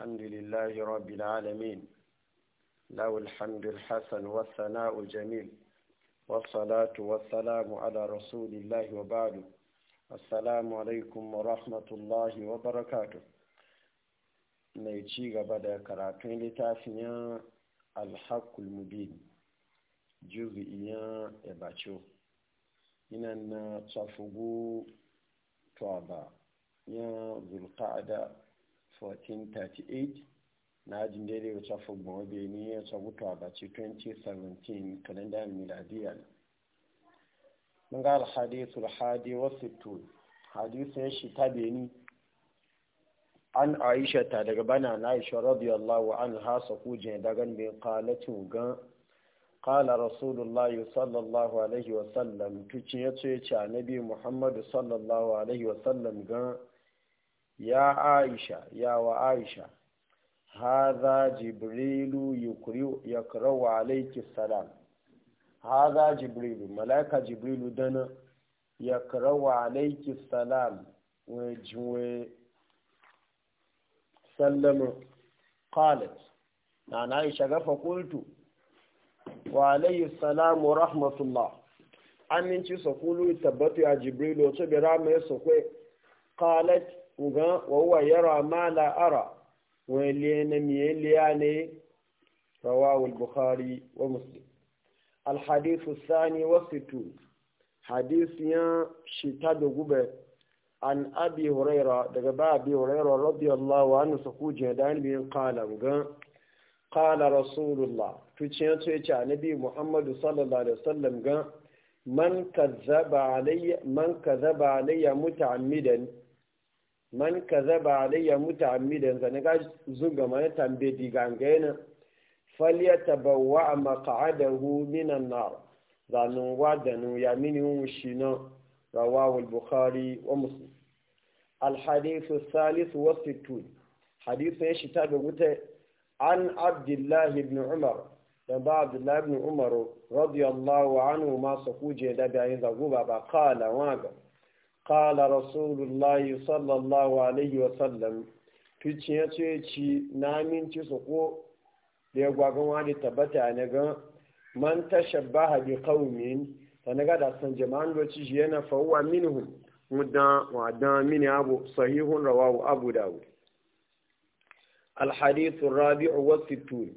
الحمد لله رب العالمين له الحمد الحسن والثناء الجميل والصلاة والسلام على رسول الله وبعد السلام عليكم ورحمة الله وبركاته نيجي قبل كراتين لتافيا الحق المبين جزئيا إباتشو إننا تصفقوا توابا يا ذو القعده 1438 na ajin daidai wata fogbon wabe ni ya sabuta a bace 2017 kalendar miladiyar mun ga alhadisu alhadi wasu tun hadisu ya shi ta beni an aisha ta daga bana na aisha radiyallahu an hasa kujen dagan mai kalacin gan kala rasulullahi sallallahu alaihi wasallam tuci ya ce ce annabi muhammadu sallallahu alaihi wasallam gan ya aisha ya wa aisha haza jibrilu yakrawu alayki salam haza jibrilu malaika jibrilu dana yakrawu alayki salam wa juwe sallama qalat na aisha gafa qultu wa alayhi salam wa rahmatullah aminci sakulu tabbatu ya jibrilu to bi rahma ya qalat ngan wa yara mala ara wọn eliye na miye liya ne rawawul buhari wa muslim alhadisu sani wasu tu hadisu ya shita da gube an abi huraira daga ba abi huraira radiyallahu wa annu su kuje da biyan kalan gan kala rasulullah tuciyar tuci a nabi muhammadu sallallahu alaihi wasallam gan man ka zaba alayya mutu amidan man ka zaba alayya muta amidan sa ne ga zuga mai tambe maka ganga ne falya tabawwa za minan nar da wadanu ya mini mu shi na al-bukhari wa muslim al-hadith al-thalith wa sittun ya shita ga gute an Abdullahi ibn umar da ba ibn umar radiyallahu anhu ma sakuje da bayan zagu ba kala waga قال رسول الله صلى الله عليه وسلم tuciye ci na minci su ko da ya gwagon wani tabbata na ga man tashabbaha bi qaumin ta naga da san jama'an doci shi yana fawwa minhum mudan wadan min abu sahihun rawahu abu dawud al hadith ar-rabi' wa sittun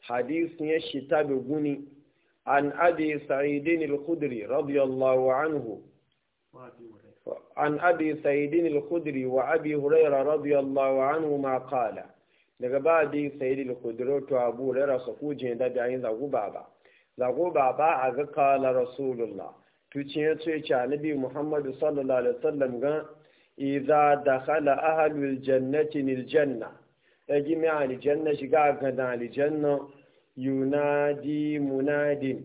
hadith ne shi ta an abi sa'id al-khudri radiyallahu anhu عن أبي سيد الخدري وأبي هريرة رضي الله عنهما قال daga ba bi sai da kudiro to abu da su kuje da bayan zagu baba zagu baba a ga kala rasulullah tuci ya ce ce annabi muhammadu sallallahu alaihi wasallam ga idza dakhala ahlul jannati nil janna yaji mai al janna shiga ga da al janna yunadi munadin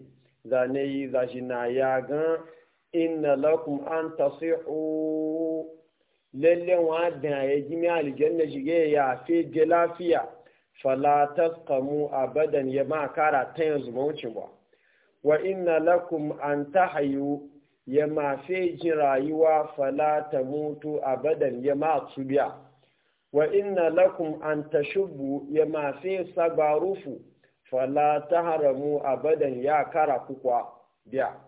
zane yi zashi na ya ga. inna lakum an tasihu lalle wa da ya ji mi aljanna shige ya fi je lafiya fala tasqamu abadan ya ma kara ta yanzu ba wuce ba wa inna lakum an tahyu ya ma fi ji rayuwa fala tamutu abadan ya ma tsubiya wa inna lakum an tashubbu ya ma fi sabarufu fala taharamu abadan ya kara kukwa biya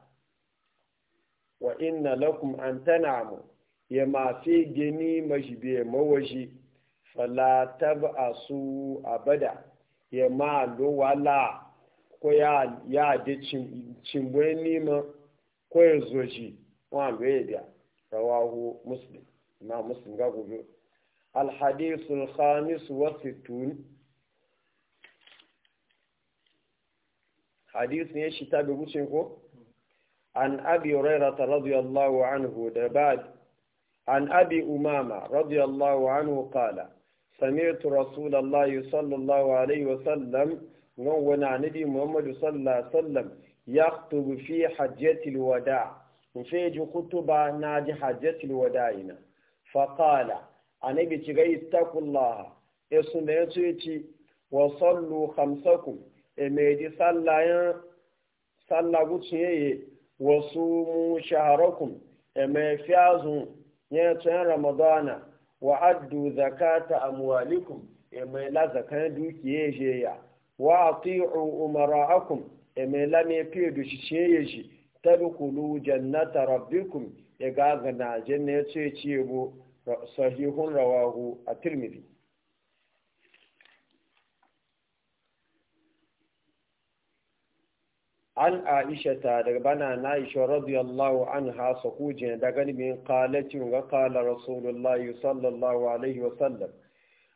wa inna lakum an tanamu ya ma mafi gini majibe mawashi fala tab'asu abada ya ma lo wala ko ya ya de cimbwe nima ko ya zoji wa lo ya rawahu muslim ma muslim ga gobe al hadith al khamis wa sittun hadith ne shi ta bi ko عن أبي هريرة رضي الله عنه دباد عن أبي أمامة رضي الله عنه قال سمعت رسول الله صلى الله عليه وسلم نوّن عن نبي محمد صلى الله عليه وسلم يخطب في حجة الوداع وفيج خطبة ناج حجة الوداع فقال عن نبي تغي اتقوا الله اسم وصلوا خمسكم إميدي صلى صلى قتيه wasu mu shaharakun emefiazun nyetun ramadana wa addu zakata amwalikum la zakan dukiye jeya wa ati'u umara'akum emela me shi shiye ji tabkulu jannata rabbikum egagana jannatu ciye bu sahihun rawahu at-tirmidhi an aishata daga bana na aisha radiyallahu anha sakuje da galibin qalati ga qala rasulullahi sallallahu alaihi wasallam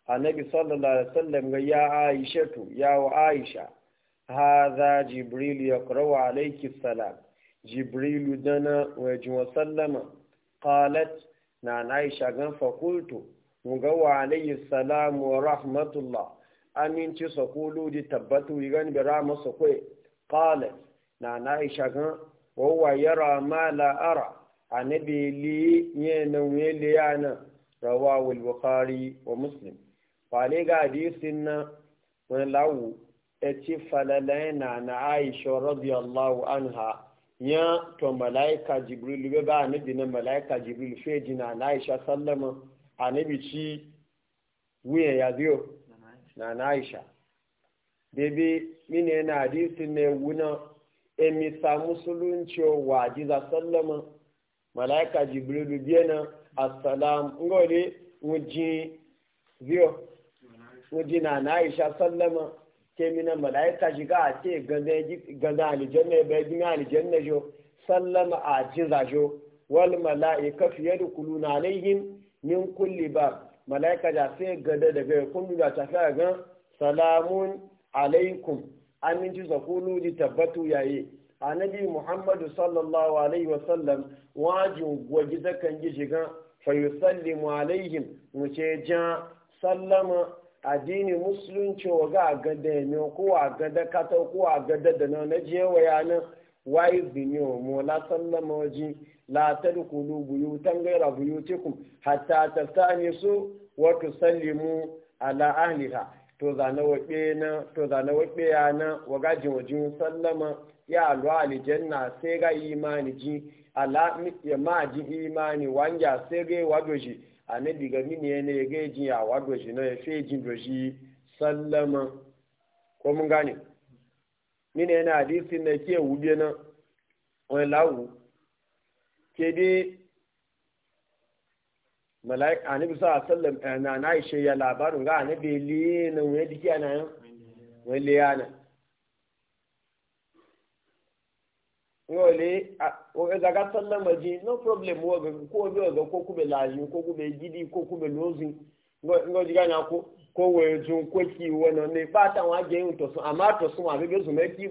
annabi sallallahu alaihi wasallam ga ya aishatu ya wa aisha hadha jibril ya yaqra'u alayki salam jibril dana wa jiwa sallama qalat na na aisha gan fakultu ga wa alayhi salam wa rahmatullah aminci sakulu di tabbatu gan bi rahma sakwai qalat na na aisha kan wawa yara ma la'ara a na beli yana wele yana rawawul bukari wa muslim kwale ga hadisin na wani lawu ya e ci falalai na na aisha radiyallahu anha ya to malaika jibril be ba anabi na malaika jibril feji na na aisha sallama anabi ci wuya ya biyo na na aisha bebe mine na hadisin ne wuna emisa musulunci wa jiza sallama malaika jibrilu biyana assalam ngole muji biyo muji na na aisha sallama ke mina malaika jiga a ce gaza alijanna bai gina alijanna jo sallama a jiza jo wal malaika fiye da kulu na alaihim min kulli ba malaika ja sai gada daga kundu da tafiya ga salamun alaikum aminci zakunu ji tabbatu yayi annabi muhammadu sallallahu alaihi wasallam wajin gwaji zakan ji shiga yusallimu alaihim mu ce ja sallama addini musulunci wa ga gada ne ko a gada kata ko a gada da na na je wa yana wayi bini mu la sallama waji la tadkhulu buyutan ghayra buyutikum hatta taftanisu wa tusallimu ala ahliha to zane waɓe na to zane waɓe ya na waga jiwajin sallama ya alu alijanna sai ga imani ji ala ya ma ji imani wanja sai ga wadoji anabi diga mini ne ga ji ya na ya fe doji sallama ko mun gane mini yana hadisin na ke wube na lawu ke dai mala'ika annabi sa sallam eh, na na ishe ya labarin ga annabi li na wani diki ana wani liyana ngole o ga ga sallan maji no problem wo ga ko bi ga ko laji ko gidi ko ngo diga na ko ko we jun ko ki ne ba ta wa je to to be me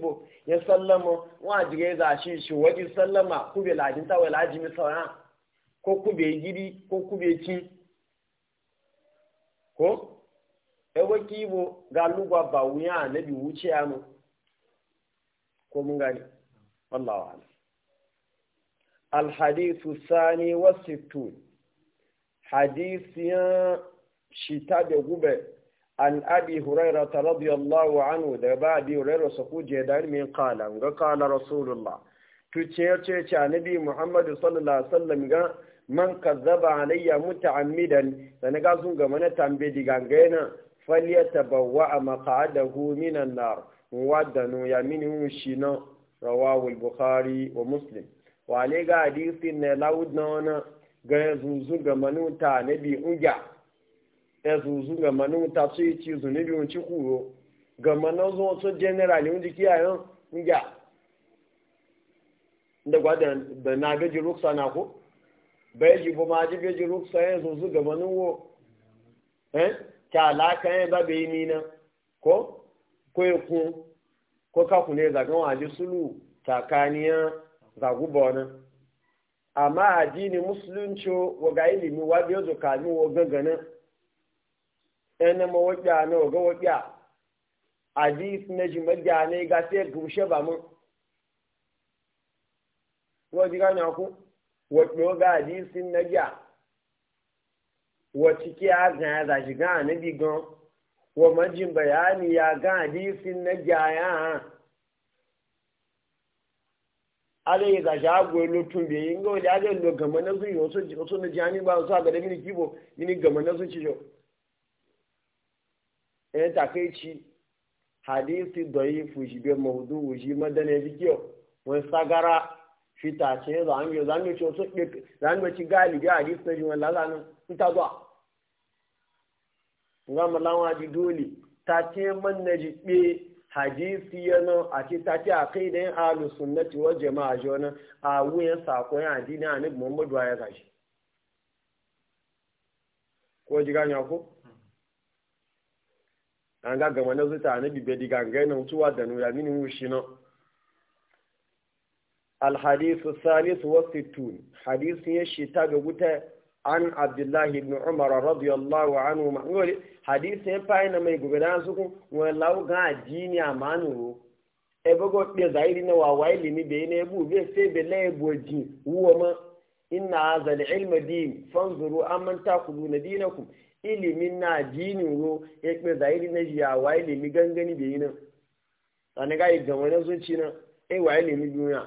ya sallama wa diga za shi shi waji sallama kube lajin ta laji mi sawana ko ku kube gidi ko ku kube cin ko ewe bo ga lugwa ba wuya na bi wuce mu ko mun gani wallahu ala alhadithu sani wa sittun hadisiyan shita da gube an abi huraira ta radiyallahu anhu da ba abi huraira ku je dar min qala ga qala rasulullah tu ce ce annabi muhammadu sallallahu alaihi wasallam ga man kazzaba alayya muta'ammidan dan ga sun ga mana tambe digangena falyatabawwa maq'adahu minan nar wadanu yaminu shi rawahu al-bukhari wa muslim wa ga hadithin na laud wani ga zuzu ga manuta nabi unja ya zuzu ga manuta su yi ci bi unci kuro ga manazo so general unji yan unja da gwadan da na gaji ruksa na ko bai ji bu maji bai ji ya zo zu gabanin wo eh ka la kan ya babe yi mina ko ko ya ku ko ka ku ne zagan waje sulu takaniya zagu bona amma addini musulunci wa ga ilimi wa biyo zo kami wa gangana ɗan ma wakiya na wa ga wakiya hadis na jimagiya ne ga sai gushe ba mun. Wọ́n ji gane wato ga hadisin na giya wa ciki a ga ya zashi gan annabi gan wa majin bayani ya ga hadisin na giya ya ale ya zashi agwai lotun bai yi ngawai da aga lo gama na sun yi wasu na jihani ba su aga da mini kibo mini gama na sun ci yau ɗaya takaici hadisi da yi fushi bai mahudu wuji madana ya fi kyau wani sagara Fita fitace zanyo zanyo ci wasu zanyo ci galibi a hadis na jiwon lalanin ta zuwa nga malawa ji dole ta ce man na ji ɓe hadisi yana a ce ta ce a kai da yin alu sunnati wa jama'a ji wani a wuyan sakon yin addini a nabi muhammadu ya gashi ko ji gani ko an ga gama na zuta a nabi bai diga gangaina mutuwa da nura mini wushi na الحديث الثالث والستون حديث يشتا غوتا عن عبد الله بن عمر رضي الله عنه عنهما حديث يباين ما يغبدان سكو ولو غا ديني امانو ebogo de zairi na wawai limi be ne bu be se be le boji ma inna hazal ilma din fanzuru amman takhuduna dinakum ilimin na dini ro ekpe zairi na ya wawai limi gangani be yin sani ga igama na zuci na e wawai limi duniya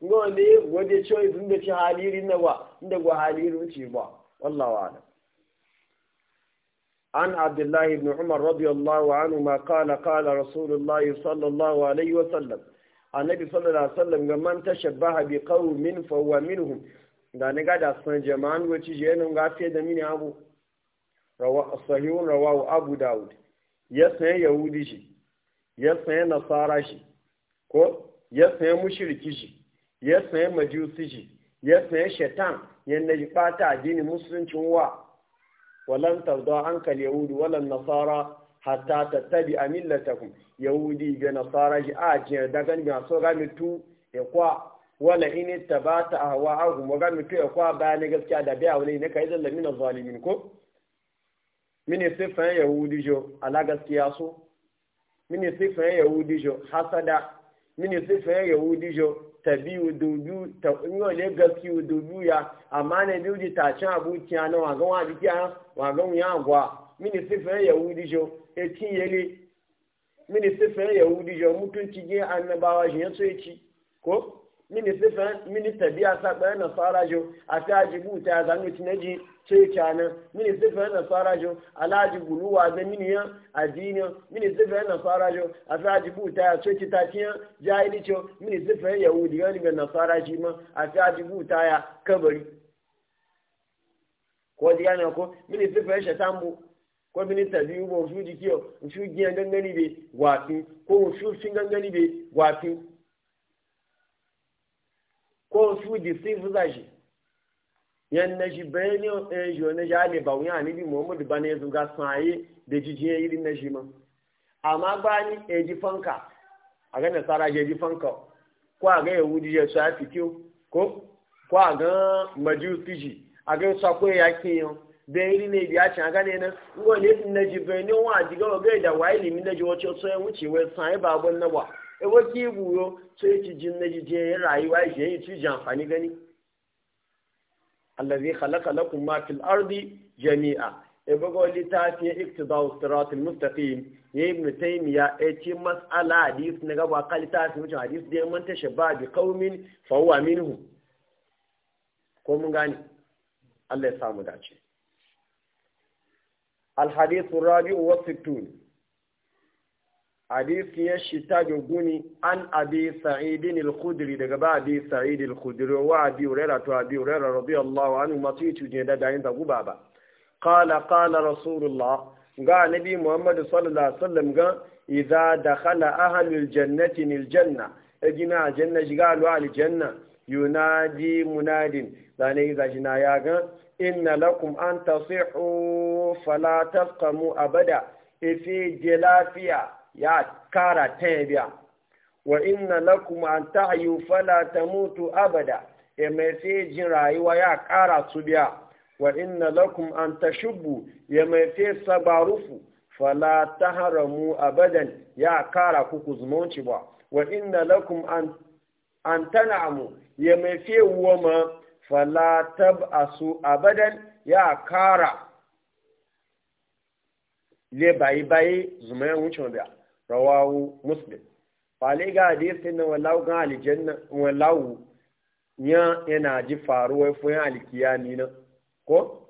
ba wanda ya wanda ce wani da ci haliri na wa inda ga haliri ce ba wallah wa ala an abdullahi ibn umar radiyallahu anhu ma qala qala rasulullah sallallahu alaihi wa sallam annabi sallallahu alaihi wa sallam ga man tashabbaha bi qaumin fa huwa minhum da ne ga da san jama'an wace je nan ga fi da mini abu rawahu sahihun rawahu abu daud ya sai yahudi shi ya sai nasara shi ko ya sai mushriki shi ya sayi majusi ya sayi shaitan ya naji bata addini musuluncin wa walan tarda hankali yahudu walan nasara hatta tattabi a millatakum yahudi ga nasara ji a jiyar dagan ga so ga mitu ya kwa wala in tabata ahwa ahum ga mitu ya kwa bayan gaskiya da biya wani ne kai zalla min zalimin ko mini sifan yahudi jo ala gaskiya so mini sifan yahudi jo hasada mini sifan yahudi jo tabi wudubu ta inyo le gaski wudubu ya amma ne biyu ta cin abuciya na wagan wa jiki an wagan ya agwa mini sifin yahudi jo e cin yele mini sifin jo mutunci ge annabawa shi ya so ya ci ko mini sifan mini tabiya saɓa na farajo a fi ajibu ta ya zanu tinaji ce cana mini sifan na farajo alaji guluwa da miniyan adiniya mini sifan na farajo a fi ajibu ta ya ce ci tafiyan jahilicho mini sifan yahudi gani ga nasara shi ma a fi ajibu ta ya kabari ko diga na ko mini sifan bu ko mini tabiyu ba su jikiyo su jiyan gangani bai gwafi ko su sun gangani bai gwafi ko su deceive za shi yan na shi bayani ɗan eh, shi wani jale ba wuya ni bi muhammadu ba ne zuga saye da jijiya irin na shi ma amma ba ni ɗan eh, ji fanka a ga nasara ji fanka ko a ga yahudi ya sa ko ko a ga majusi ji a ga sa ko ya kiyan bayani ne biya can a ga ne na ne na ji bayani wa ji ga ga da wa ilimi na ji wacce so wuce wai saye ba abun na ba ewa ki buyo sai e ci jin na jije ya e rayuwa shi e yayi ci jamfani gani allazi khalaqa lakum ma fil ardi jami'a e bago litafi iktidau sirat al mustaqim ya ibn taymiya e ci mas'ala hadis na gaba ka su mutum hadis da man tashabba bi qaumin fa minhu ko mun gane? Allah ya samu dace al hadith rabi'u wa حديث يشتا جوني عن أبي سعيد الخدري دغ أبي سعيد الخدري وعدي وريرة وعدي وريرة رضي الله عنه مطيت جندا دعين دغو بابا قال قال رسول الله قال نبي محمد صلى الله عليه وسلم قال إذا دخل أهل الجنة الجنة جنا جنة جعل وعلى الجنة ينادي مناد يعني إذا جنا إن لكم أن تصحوا فلا تفقموا أبدا في جلافيا ya kara taya biya wa inna lakum an ta'yu fala tamutu abada ya e, mai sai jin rayuwa ya kara su biya wa inna lakum an tashubbu ya e, mai sai sabarufu fala taharamu abadan ya kara ku zumunci ba wa inna lakum an an tan'amu ya e, mai sai woma fala tab'asu abadan ya kara le bayi bayi zuma ya rawawu muslim fale ga hadisin na wallahu kan aljanna wallahu ya yana ji faruwa fun alkiyami na ko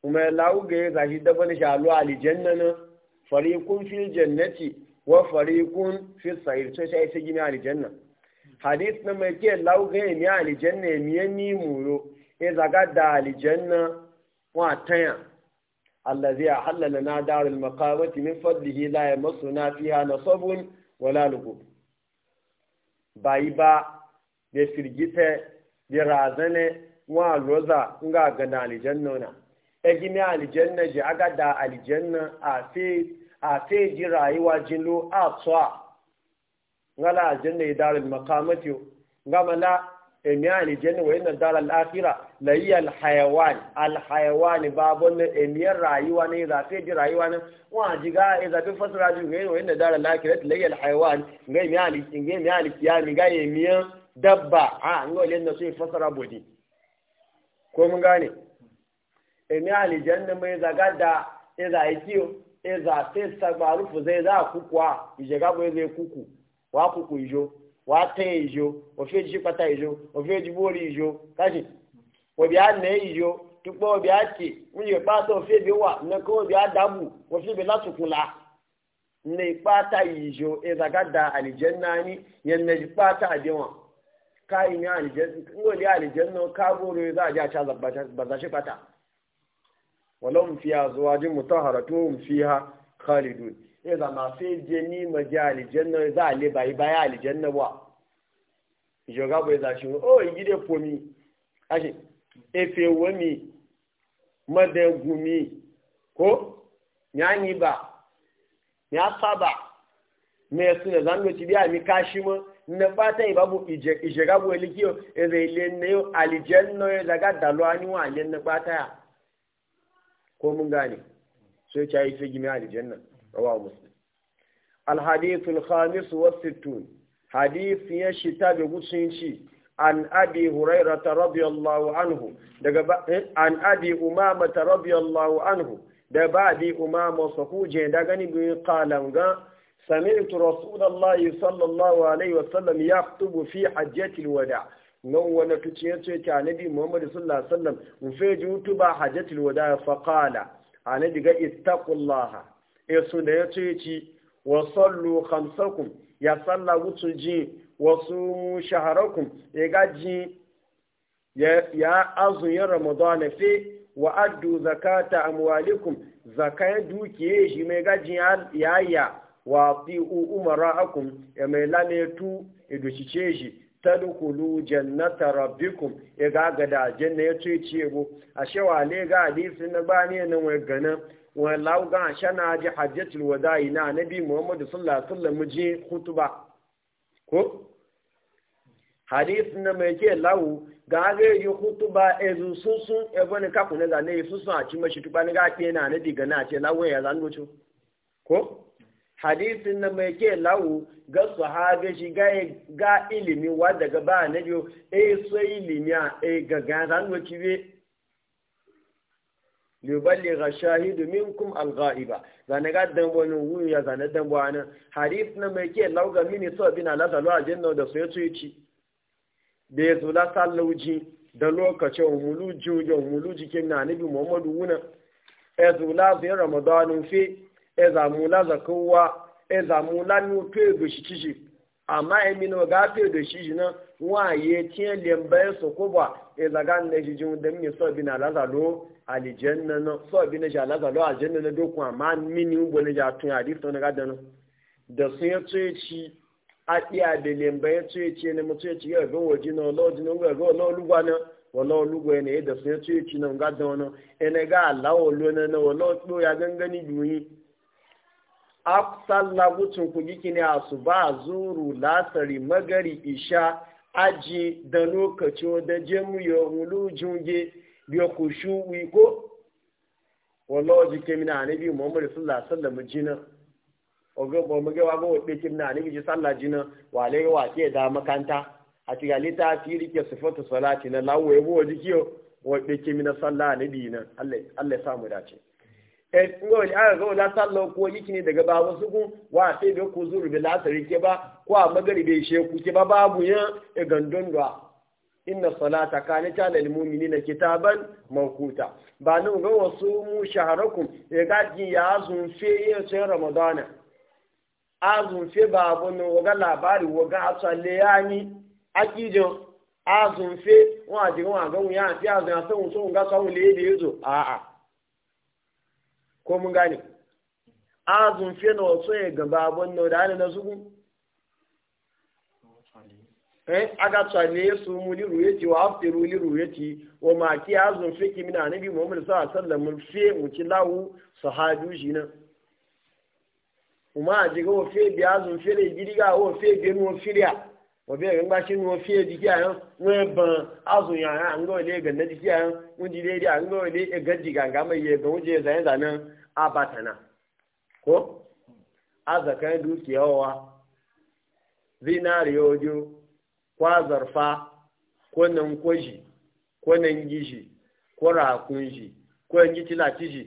kuma lawu ga ya zashi daban shalu aljanna na fariqun fil jannati wa fariqun fil sa'ir sai sai sai gini aljanna hadis na mai ke lawu ga ni aljanna ne ni muro e zaga da aljanna wa tanya allanzai a halin na a da almakamatu min faɗuɗi ya layi a masau wala al'agu. ba ba da firgita ya razana mu a rosa nga gani alijan nuna ɗai gina alijan na je a ka da alijan na a sai jin rayuwa jin lullu a ka sauka. nga na emi alijanna wa inna dar al-akhira la hiya al-hayawan al-hayawan babon emi rayuwa ne za ta ji rayuwa ne wa jiga e za ta fasara ji ga wa inna dar al-akhira la hiya al-hayawan ga emi ali ga emi ali kiyami ga emi dabba a ngo le na sai fasara bodi ko mun gane emi alijanna mai zaga da e za yi kiyo e za ta zai za kukuwa ije gabo e zai kuku wa kuku ijo wata ijo ofe ji pata ijo ofe ji bori ijo kashi obi a na ijo tukpo obi a ti nwunye pata ofe bi wa nneka obi a dabu ofe bi latukula ne pata ijo ezagada alijanna ani yan na ji pata wa. ka imi alijanna ngoli alijanna ka boro za a ji a ca bazashi pata walahum fiha zuwajin mutahharatuhum fiha khalidun ya zama sai je ni ma je alijanna za a le bayi baya alijanna wa joga bai za shi o oh, yi gide pomi ashe efe wami madan gumi ko nyani ba ya saba me suna zango ci biya mi kashi mu na fata ibabu ije ijega bo likiyo eze ile ne alijanna ya daga dalwa ni wa alijanna fata ko mun gane sai ta yi fi gimi alijanna rawa muslim الحديث الخامس والستون حديث يشتا بغسينشي عن an abi رضي الله عنه عن أبي أمامة رضي الله anhu da ba bi umama sakuje da gani bi qalanga sami'tu rasulullahi sallallahu alaihi wasallam yaktubu fi hajjati alwada nan wani tuce yace ta nabi muhammad sallallahu alaihi wasallam mu fe jutuba hajjati alwada fa qala ana diga ittaqullaha esu da ya ce ci wa sallu khamsakum ya salla wutu ji wa sumu shaharakum ya gaji ya azun yin ramadan fi wa addu zakata amwalikum zakan duki shi mai gaji ya wa fi umara'akum ya mai lametu idushice shi jannata rabbikum ya gagada da janna ya ce ce ashe wale ga hadisi na bani na wai wallahu ga shana ji hajjatul wada'i na nabi Muhammadu sallallahu alaihi wasallam ji hutuba, ko hadith na mai ke lawu ga ga yi khutba ezu sunsun ebo ne kaku ne da ne sunsun a ci mashi tuba ne ga ke na nabi ga na ce lawu ya zan docho ko hadith na mai ke lawu ga sahabe shi ga ga ilimi wa daga ba nabi e so ilimi a e ga ga zan docho be ga shahidu kum alga'iba zane ga dambo ni wuyu ya zane dambo ana harif na mai ke lauga mini so bina la a ajanna da so yace da yazo la sallauji da lokacin umulu jujo umulu jikin na nabi muhammadu wuna zo la bi ramadanun fi kowa. mula zakawa mu mula nu pe do shi amma mino ga pe do shi na waye tiyan lembaye su kuba e zaga na jijin da mini so bi na lazalo alijanna na so bi na lazalo aljanna na doku amma mini ubo na a tun hadis to na gadan da sun ya ci a iya da lembaye tsoye ci ne mu tsoye ci ga ga waje na lodi na ga ga loluwa na wala olugo da sun ya tsoye ci na gadan na ene ga alawo lo na na wala to ya gangani duyi afsal la gutun ku asuba zuru lasari magari isha aji da lokacin da jemu ya wulu junge biya ku shu wiko wallah waje ke mina anabi muhammadu sallallahu alaihi wasallam jina ogo bo mu ga wa go be ke mina ji sallallahu jina wa wa ke da makanta a tigali ta tiri ke sifatu salati na lawo yabo e waje kiyo wa be ke mina sallallahu alaihi na Allah Allah ya samu dace Eh, ngawali aka ah, ga wala sallah ko yiki ne daga ba wasu kun wa sai da ku zuru bi lasari ke ba ko a magaribe she ku ke ba babu ya e gandon da inna salata kanat ala almu'minina kitaban mawquta ba nan ga wasu mu shaharakum e ga ji ya sun fe yin sai ramadana azun fe babu no waga labari waga asalle yani akijo azun fe wa ji wa ga mu ya fi azun asan so ga sawu le da yazo a'a ko mun gane azun fiye na wasu ya gaba abin na da hannun na zugun eh aga tsale su mu li ruyati wa aftiru li ruyati wa ma ki azun fiki min annabi Muhammad sallallahu alaihi wasallam fi uci lawu sahaju jina a jiga wa fi bi azun fi le gidiga wa fi bi mu filia òbí ẹ̀rọ ń gbá sínú wọn fíè di kí àyàn wọn ẹ̀bọ̀n azùn yàn án àńgọ́ ilé ẹ̀gàn náà àyàn wọn di léèrè àńgọ́ ilé ẹ̀gàn di mọ̀ iye ẹ̀gàn wọn jẹ ẹ̀zà náà kó dúkìá zinari ojú kwa zarfa ko nan gishi ko rakun shi ko shi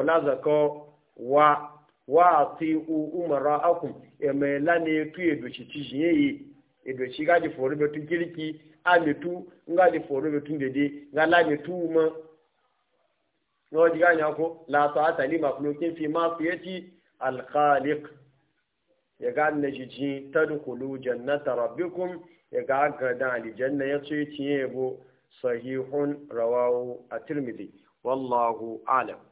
in wa ti u umara akun e mai lane e tu edo ci ci jiye edo ci gaji foro betu kiriki ale tu ngaji foro betu dede nga lane tu ma no diga nya ko la ta'ata li makhluqin fi ma fiyati al khaliq ya ga na jiji tadkhulu jannata rabbikum ya ga ga da janna ya ce ciye bo sahihun rawahu at-tirmidhi wallahu a'lam